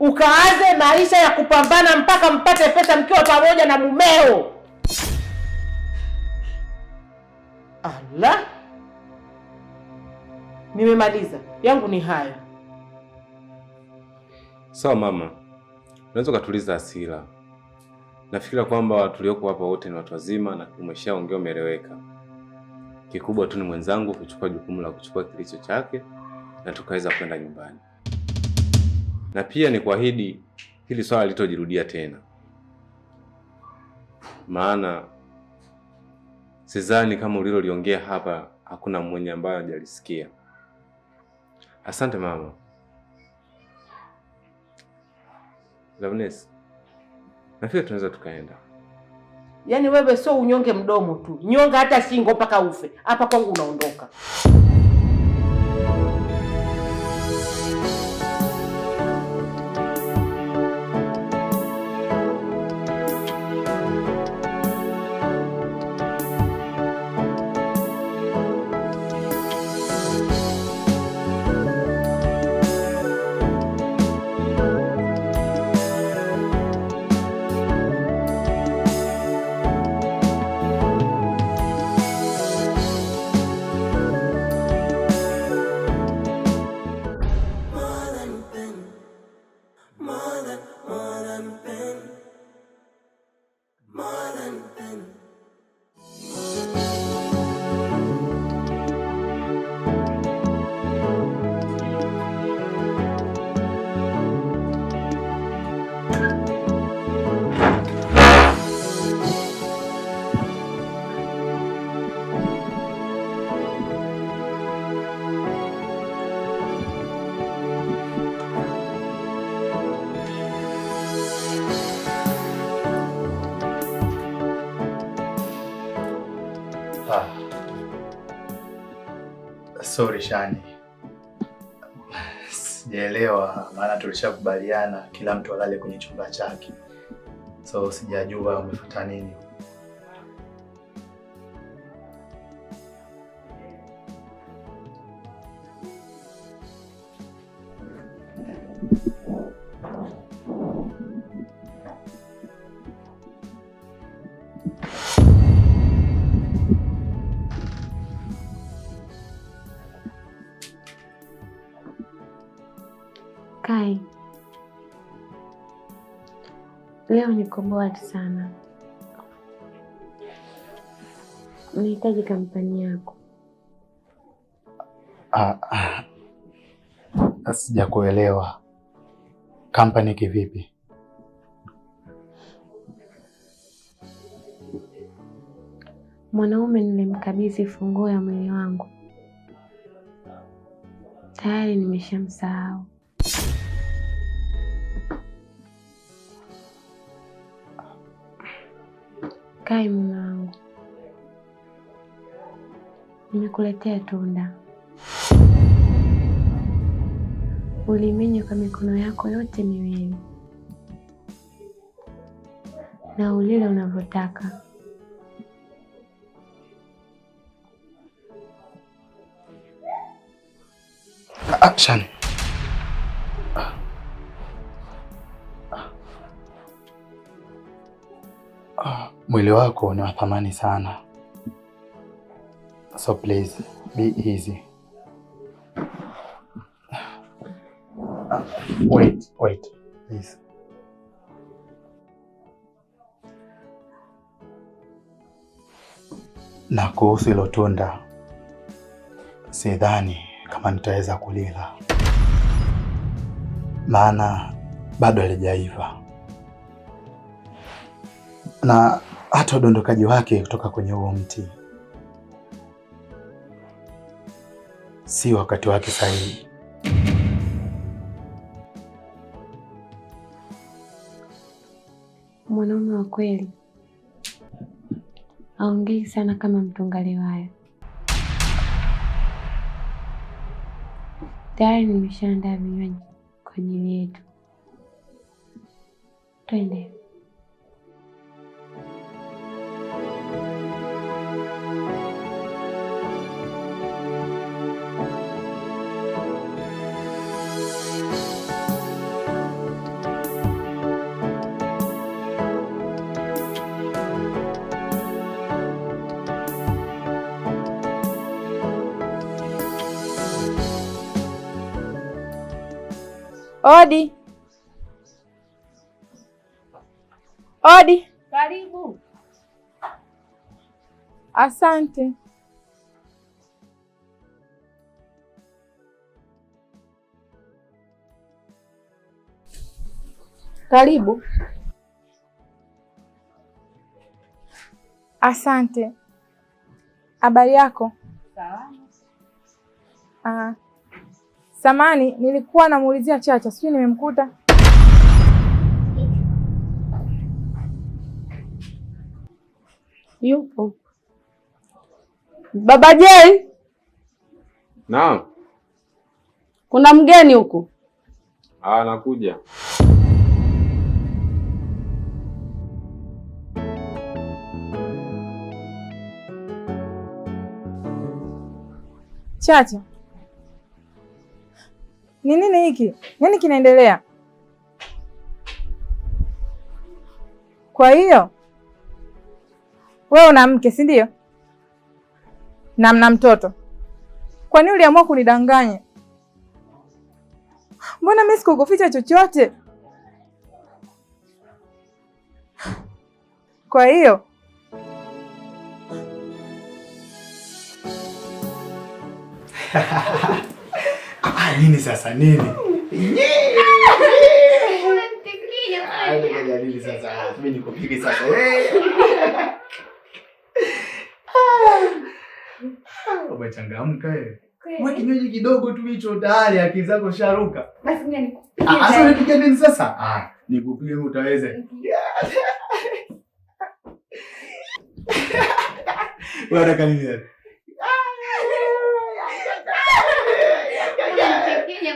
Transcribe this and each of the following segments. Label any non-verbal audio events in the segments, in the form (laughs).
ukaanze maisha ya kupambana mpaka mpate pesa mkiwa pamoja na mumeo. Allah, nimemaliza yangu ni haya. Sawa mama, unaweza ukatuliza hasira. Nafikira kwamba tulioko hapa wote ni watu wazima na umeshaongea, umeeleweka. Kikubwa tu ni mwenzangu kuchukua jukumu la kuchukua kilicho chake na tukaweza kwenda nyumbani na pia ni kuahidi hili swala litojirudia tena, maana sidhani kama uliloliongea hapa hakuna mwenye ambaye hajalisikia. Asante mama Loveness, nafikiri tunaweza tukaenda. Yaani wewe sio unyonge mdomo tu, nyonga hata shingo mpaka ufe. Hapa kwangu unaondoka. sorry Shani, sijaelewa, maana tulishakubaliana kila mtu alale kwenye chumba chake, so sijajua umefuata nini. Leo niko bored sana, nahitaji kampani yako. Ah, ah, sijakuelewa. Kampani kivipi? Mwanaume nilimkabidhi funguo ya mwili wangu, tayari nimeshamsahau. Kai mume wangu, nimekuletea tunda, ulimenye kwa mikono yako yote miwili na ulile unavyotaka. Ah, Shani mwili wako ni wa thamani sana, so please be easy. Wait, wait, please. Na kuhusu hilo tunda, sidhani kama nitaweza kulila, maana bado halijaiva na hata udondokaji wake kutoka kwenye huo mti si wakati wake sahihi. Mwanaume wa kweli haongei sana kama mtungaliwayo. Tayari nimeshaandaa vinywaji kwa ajili yetu, twende. Odi, odi. Karibu. Asante. Karibu. Asante. Habari yako? Sawa. Ah. Uh -huh. Samani, nilikuwa namuulizia Chacha, sijui nimemkuta. Yupo Baba Jei? Naam. Kuna mgeni huku? Ah, nakuja. Chacha, ni nini hiki? Nini kinaendelea? Kwa hiyo wewe una mke si ndio? Na mna mtoto. Kwa nini uliamua kunidanganya? Mbona mimi sikukuficha chochote? Kwa hiyo (laughs) Ah, nini sasa nini? Ah, ah, eh! Umechangamka eh. wewe, kinywaji kidogo tu hicho tayari akili zako sharuka. Basi nikupigie nini sasa? Ah, Wewe unataka nini sasa?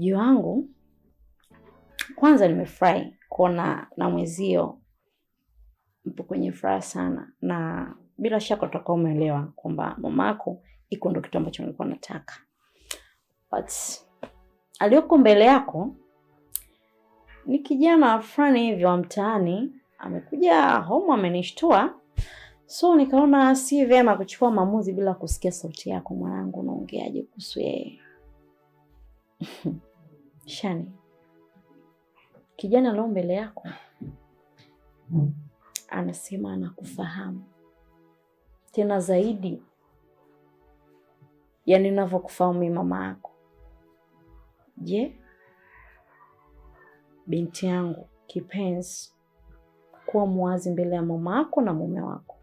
mji wangu, kwanza nimefurahi kuona na mwezio mpo kwenye furaha sana, na bila shaka utakuwa umeelewa kwamba mamako iko ndo kitu ambacho nilikuwa nataka, but aliyoko mbele yako ni kijana fulani hivyo wa mtaani, amekuja home amenishtua, so nikaona si vyema kuchukua maamuzi bila kusikia sauti yako. Mwanangu, unaongeaje kuhusu yeye? (laughs) Shani, kijana leo mbele yako anasema anakufahamu tena zaidi yani ninavyokufahamu mimi mama yako. Je, binti yangu kipenzi, kuwa mwazi mbele ya mama yako na mume wako,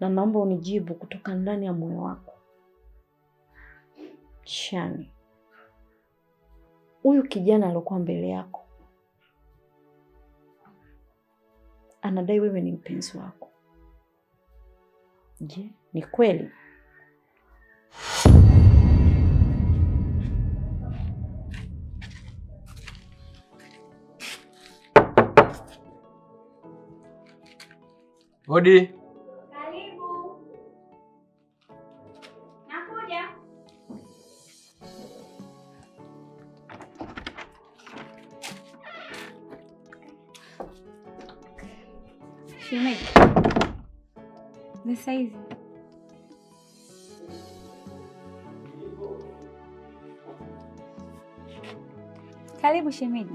na naomba unijibu kutoka ndani ya moyo wako achane. Huyu kijana aliokuwa mbele yako anadai wewe ni mpenzi wako. Je, ni kweli? Hodi. saizi? Karibu shemeji.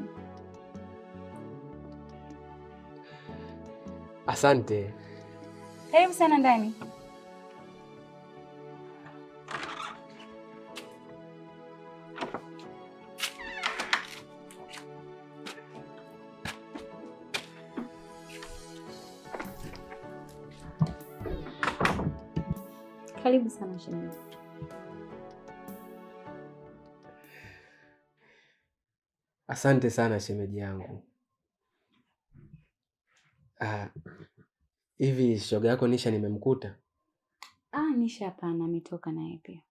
Asante. Karibu sana ndani. sana shemeji. Asante sana shemeji yangu. Ah, hivi shoga yako Nisha nimemkuta? Ah, Nisha hapana, ametoka naye pia.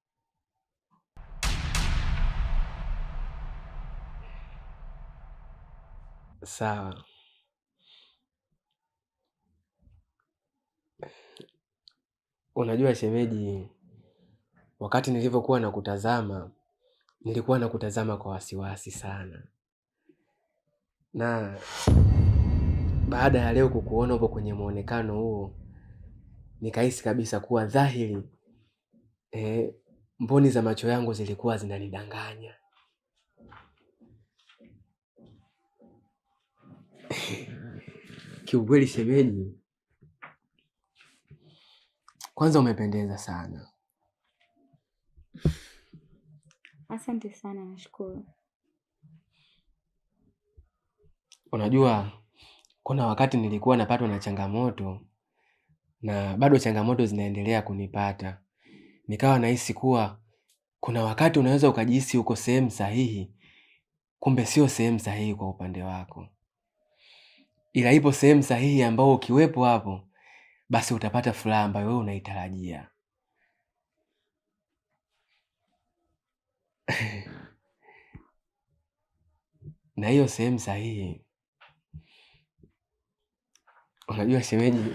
Sawa. Unajua shemeji, Wakati nilivyokuwa na kutazama, nilikuwa na kutazama kwa wasiwasi sana, na baada ya leo kukuona upo kwenye mwonekano huo, nikahisi kabisa kuwa dhahiri e, mboni za macho yangu zilikuwa zinanidanganya. Kiukweli shemeji, kwanza umependeza sana Asante sana, nashukuru. Unajua, kuna wakati nilikuwa napatwa na changamoto na bado changamoto zinaendelea kunipata, nikawa nahisi kuwa kuna wakati unaweza ukajihisi uko sehemu sahihi, kumbe sio sehemu sahihi kwa upande wako, ila ipo sehemu sahihi ambayo ukiwepo hapo, basi utapata furaha ambayo wewe unaitarajia. (laughs) na hiyo sehemu sahihi. Unajua shemeji, (laughs)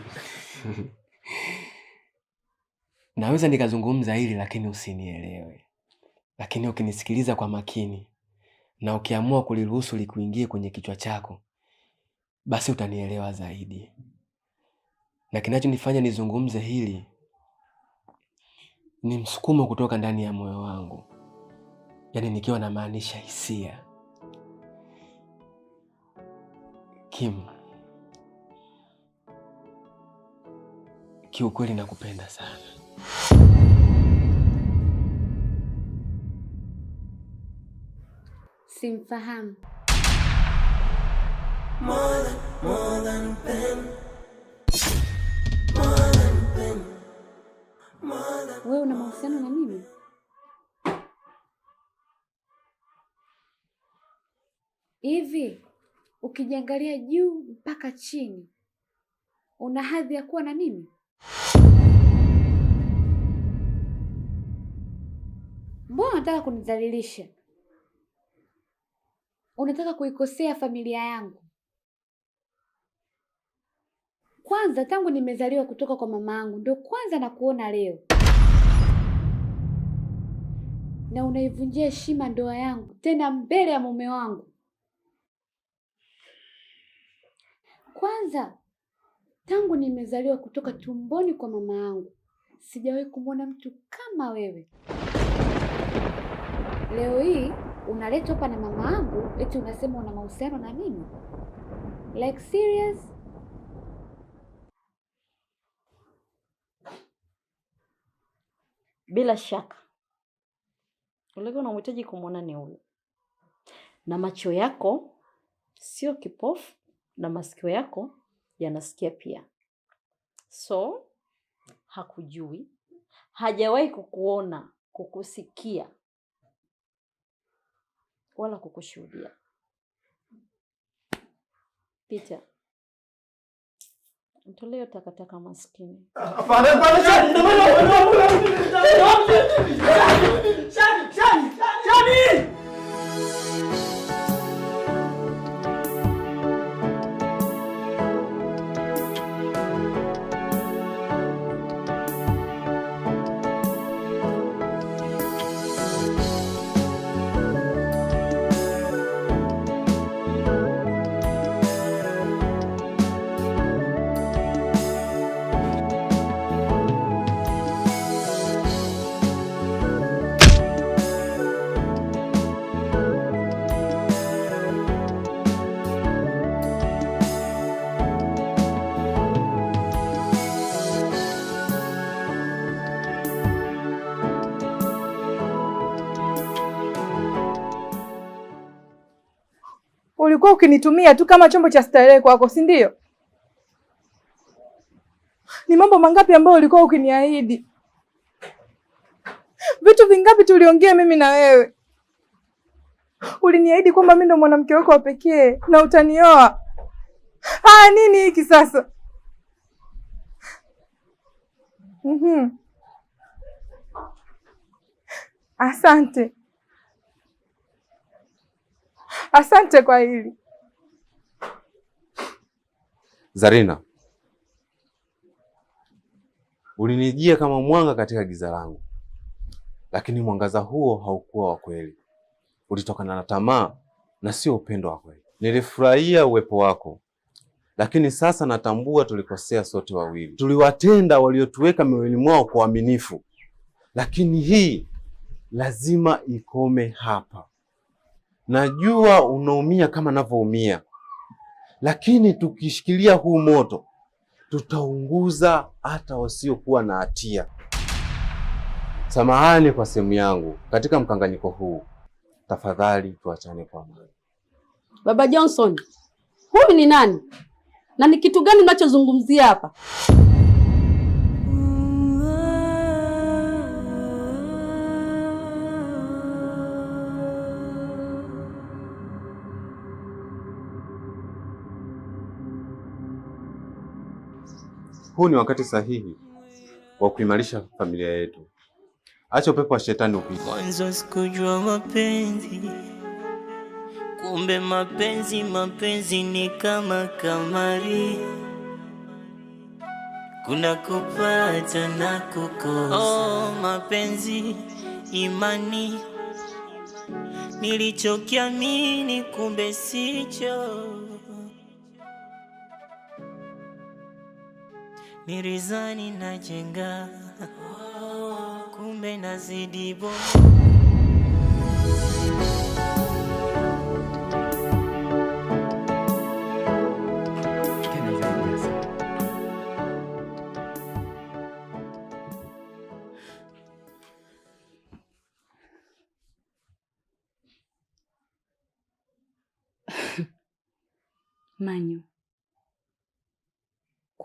naweza nikazungumza hili lakini usinielewe, lakini ukinisikiliza kwa makini na ukiamua kuliruhusu likuingie kwenye kichwa chako, basi utanielewa zaidi. Na kinachonifanya nizungumze hili ni msukumo kutoka ndani ya moyo wangu yani nikiwa namaanisha hisia. Kim, kiukweli nakupenda sana. Simfahamu. wewe una mahusiano na mimi? hivi ukijiangalia juu mpaka chini una hadhi ya kuwa na mimi? Mbona unataka kunidhalilisha? Unataka kuikosea familia yangu? Kwanza tangu nimezaliwa kutoka kwa mama yangu ndio kwanza nakuona leo, na unaivunjia heshima ndoa yangu tena mbele ya mume wangu. Kwanza tangu nimezaliwa kutoka tumboni kwa mama yangu sijawahi kumwona mtu kama wewe. Leo hii unaletwa hapa na mama yangu eti unasema una mahusiano na mimi? Like serious? Bila shaka ulikuwa unamhitaji kumwona ni huyo, na macho yako sio kipofu na masikio yako yanasikia pia. So hakujui, hajawahi kukuona, kukusikia wala kukushuhudia. Peter, mtoleo takataka maskini ulikuwa ukinitumia tu kama chombo cha starehe kwako, si ndio? Ni mambo mangapi ambayo ulikuwa ukiniahidi? Vitu vingapi tuliongea mimi na wewe? Uliniahidi kwamba mimi ndo mwanamke wako wa pekee na utanioa. Haya, nini hiki sasa? mm -hmm. Asante. Asante kwa hili Zarina, ulinijia kama mwanga katika giza langu, lakini mwangaza huo haukuwa wa kweli, ulitokana na tamaa na sio upendo wa kweli. Nilifurahia uwepo wako, lakini sasa natambua tulikosea sote wawili. Tuliwatenda waliotuweka mioyoni mwao kwa uaminifu, lakini hii lazima ikome hapa. Najua unaumia kama navyoumia, lakini tukishikilia huu moto tutaunguza hata wasiokuwa na hatia. Samahani kwa sehemu yangu katika mkanganyiko huu, tafadhali tuachane kwa amani. Baba Johnson, huyu ni nani na ni kitu gani unachozungumzia hapa? Huu ni wakati sahihi wa kuimarisha familia yetu. Acha upepo wa shetani upite. Mwanzo sikujua mapenzi, kumbe mapenzi mapenzi ni kama kamari, kuna kupata na kukosa. Oh, mapenzi imani, nilichokiamini kumbe sicho nirizani najenga, kumbe nazidi bo (laughs) Manyu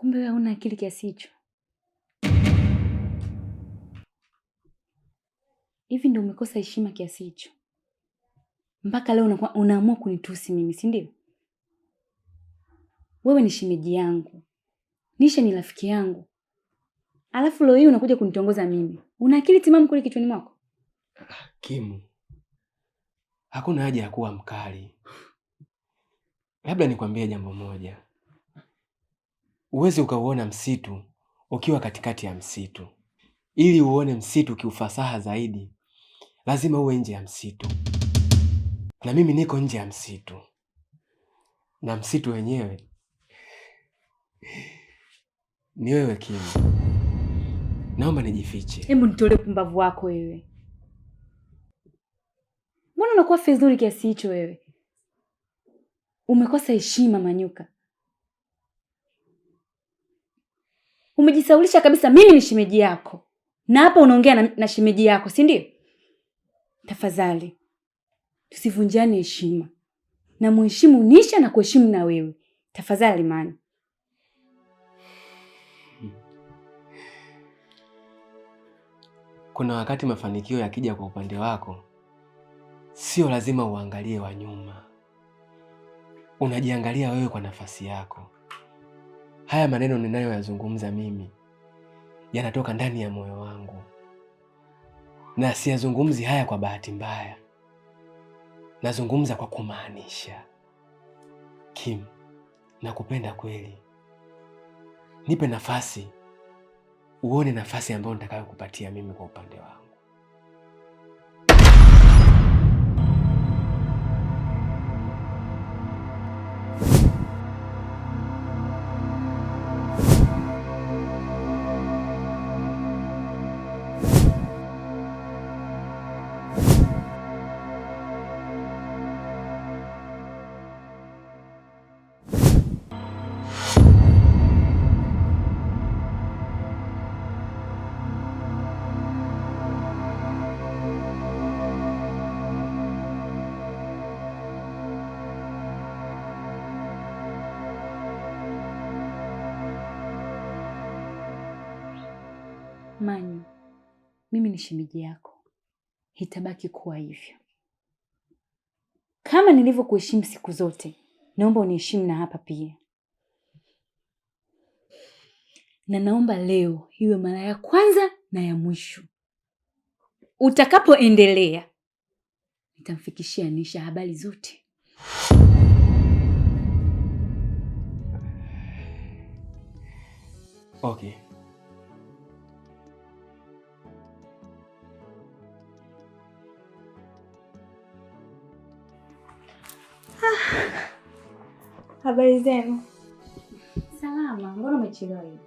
Kumbe wewe una akili kiasi hicho? Hivi ndio umekosa heshima kiasi hicho? Mpaka leo unakuwa unaamua kunitusi mimi, si ndio? Wewe ni shemeji yangu, Nisha ni rafiki yangu, alafu leo hii unakuja kunitongoza mimi. Una akili timamu kule kichwani mwako? Kimu, hakuna haja ya kuwa mkali. Labda nikwambie jambo moja uweze ukauona msitu ukiwa katikati ya msitu. Ili uone msitu kiufasaha zaidi, lazima uwe nje ya msitu, na mimi niko nje ya msitu, na msitu wenyewe ni wewe Kimi. Naomba nijifiche. Hebu nitolee pumbavu wako wewe. Mbona unakuwa fizuri kiasi hicho wewe? Umekosa heshima Manyuka. Umejisaulisha kabisa, mimi ni shemeji yako na hapa unaongea na, na shemeji yako si ndio? Tafadhali tusivunjane heshima, na muheshimu Nisha na kuheshimu na wewe tafadhali, mani kuna wakati mafanikio yakija kwa upande wako, sio lazima uangalie wa nyuma, unajiangalia wewe kwa nafasi yako. Haya maneno ninayoyazungumza mimi yanatoka ndani ya moyo wangu, na siyazungumzi haya kwa bahati mbaya, nazungumza kwa kumaanisha. Kim, nakupenda kweli. Nipe nafasi uone nafasi ambayo nitakayokupatia mimi kwa upande wangu. ni shemeji yako, itabaki kuwa hivyo. Kama nilivyokuheshimu siku zote, naomba uniheshimu na hapa pia, na naomba leo iwe mara ya kwanza na ya mwisho. Utakapoendelea, nitamfikishia Nisha habari zote. Okay. (sighs) Habari zenu. Salama. Mbona umechelewa hivi?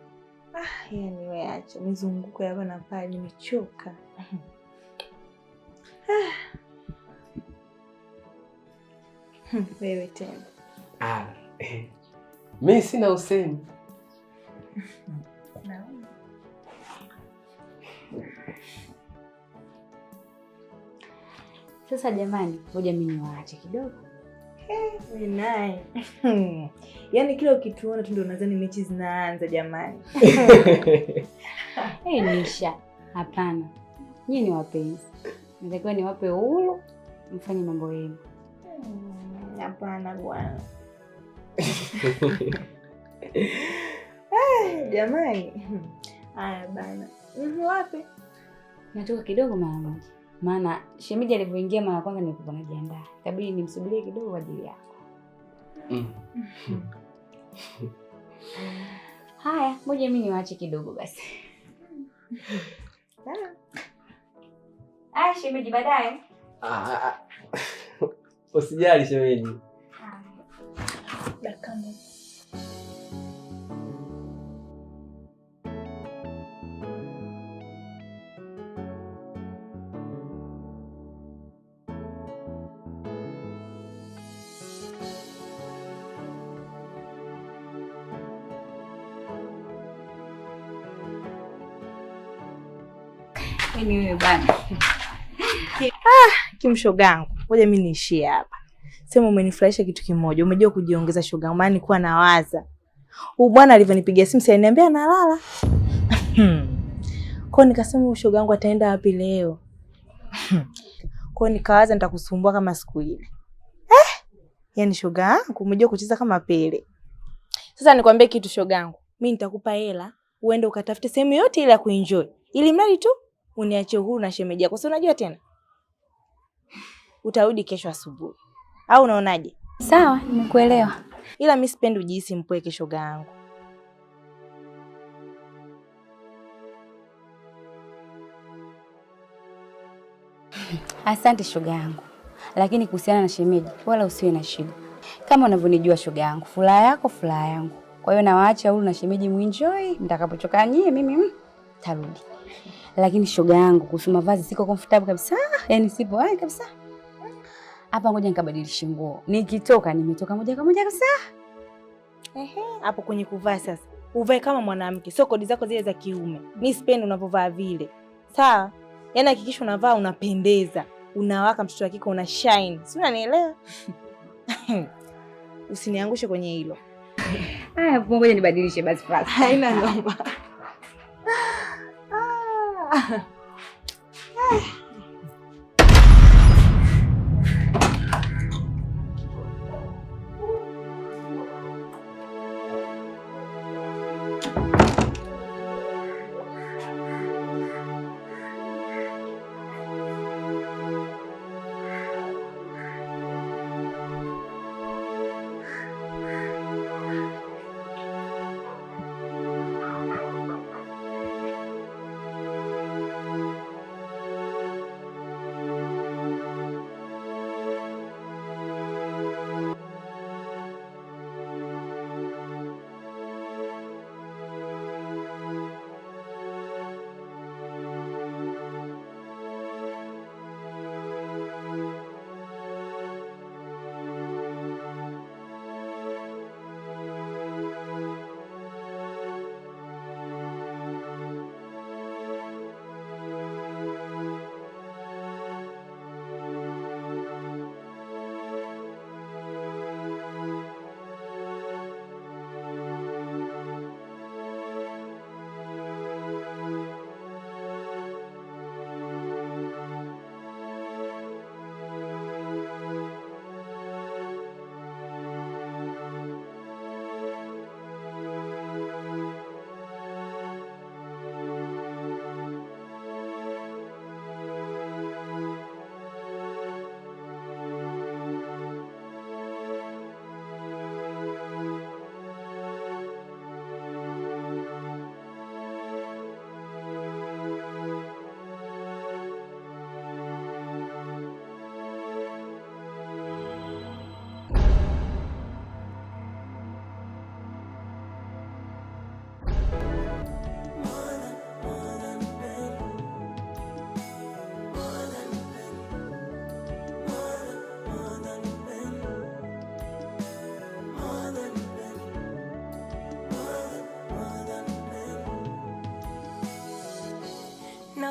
Ah, yani wewe acha mizunguko hapa na pale, nimechoka. (laughs) Ah. Hmm, wewe tena. Ah, mimi eh. sina usemi. (laughs) Sasa jamani, ngoja mimi niwaache kidogo. (laughs) Naye (laughs) yaani kila ukituona tu ndio nadhani mechi zinaanza jamani. (laughs) Hey, Nisha, hapana, nyie ni wapenzi, natakiwa niwape uhuru mfanye mambo yenu. Hmm, hapana bwana. Eh, jamani haya bana, mhm, wape natoka kidogo mara moja maana shemeji alivyoingia mara kwanza nilikuwa najiandaa, kabidi nimsubirie kidogo kwa ajili yako. Mm. (laughs) Haya, ngoja mimi niwaache kidogo basi. Ah, shemeji, baadaye. Ah, ah, ah. (laughs) Usijali shemeji. Dakika moja. lakini mshogangu, ngoja mimi niishie hapa. Sema umenifurahisha kitu kimoja, umejua kujiongeza shogangu, maana nilikuwa nawaza huyu bwana alivyonipigia simu si aliniambia analala. Hmm. Kwa nikasema shogangu ataenda wapi leo? Hmm. Kwa nikawaza nitakusumbua kama siku ile. Eh? Yaani shogangu, umejua kucheza kama Pele. Sasa nikwambie kitu shogangu, mimi nitakupa hela uende ukatafute sehemu yote ile ya kuenjoy, ili mradi tu uniache huru na shemeji yako, si unajua tena utarudi kesho asubuhi, au unaonaje? Sawa, nimekuelewa, ila mi sipendi ujihisi mpweke, shoga yangu. Asante shoga yangu, lakini kuhusiana na shemeji, wala usiwe na shida. Kama unavyonijua shoga yangu, furaha yako furaha yangu. Kwa hiyo nawaacha huru na shemeji, muenjoy. Nitakapochoka nyie, mimi mm, tarudi. Lakini shoga yangu kuhusu mavazi siko comfortable kabisa. yani sipo hai kabisa. Hapa ngoja nikabadilishe nguo. Nikitoka nimetoka moja kwa moja kabisa. Ehe, hapo kwenye kuvaa sasa. Uvae kama mwanamke, sio kodi zako zile za kiume. Mimi sipendi unavyovaa vile. Sawa? Yani hakikisha unavaa unapendeza. Unawaka mtoto wa kike una shine. Si unanielewa? (laughs) Usiniangushe kwenye hilo. Haya, ngoja nibadilishe basi basi. Haina noma. Yeah. (laughs)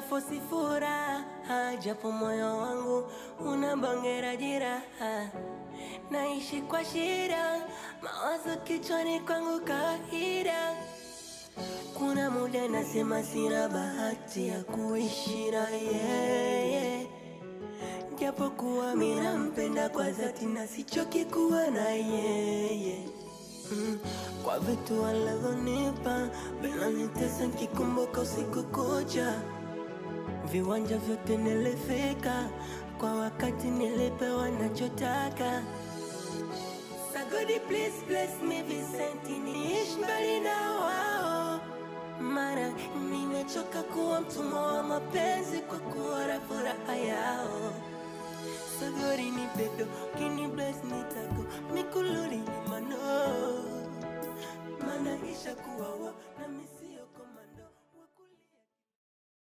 sifosi furaha, japo moyo wangu una bongera jiraha, naishi kwa shida, mawazo kichwani kwangu kawaida. Kuna muda nasema sina bahati ya kuishi na yeye, japo kuwa mimi nampenda kwa dhati na sichoki kuwa na yeye mm, kwa vitu alivyonipa bila nitesa, nikikumbuka usiku kucha viwanja vyote nilifika, kwa wakati nilipewa nachotaka. Sagodi, please bless me Vincent, niishi mbali na wao, mara nimechoka kuwa mtumwa wa mapenzi kwa kuora furaha yao. Sagodi ni pedo kini bless ni tako mikuluri ni mano manaisha kuwawa